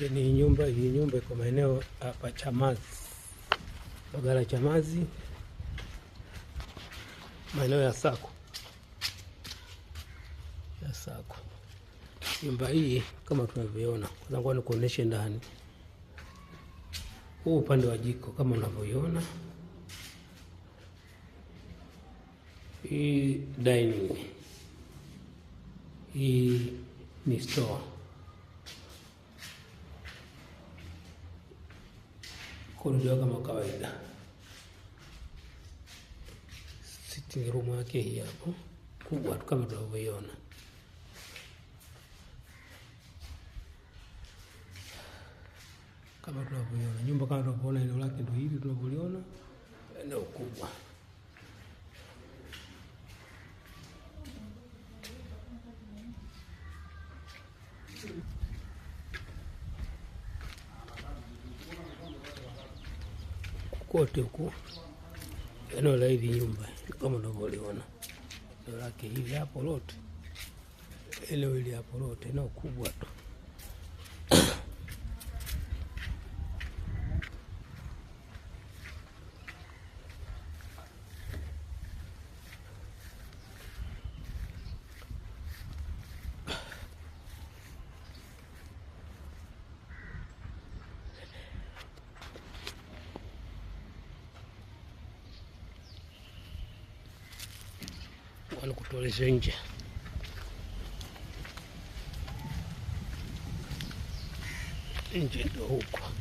ni nyumba hii nyumba iko maeneo hapa Chamazi, Bagala Chamazi, maeneo ya Sako ya Sako. Nyumba hii kama tunavyoiona, kwanza nikuoneshe ndani, huu upande wa jiko kama unavyoiona, hii dining, hii ni store kurudiwa kama kawaida. Sitting room yake hii hapo kubwa tu kama tunavyoiona. Kama tunavyoiona nyumba, kama tunavyoona eneo lake, ndio hili tunavyoliona eneo kubwa. kote huku eneo la hivi nyumba kama unavyoliona ndio lake hivi hapo lote, eneo hili hapo lote, eneo kubwa tu. alcutores Índia. Índia do Rouco.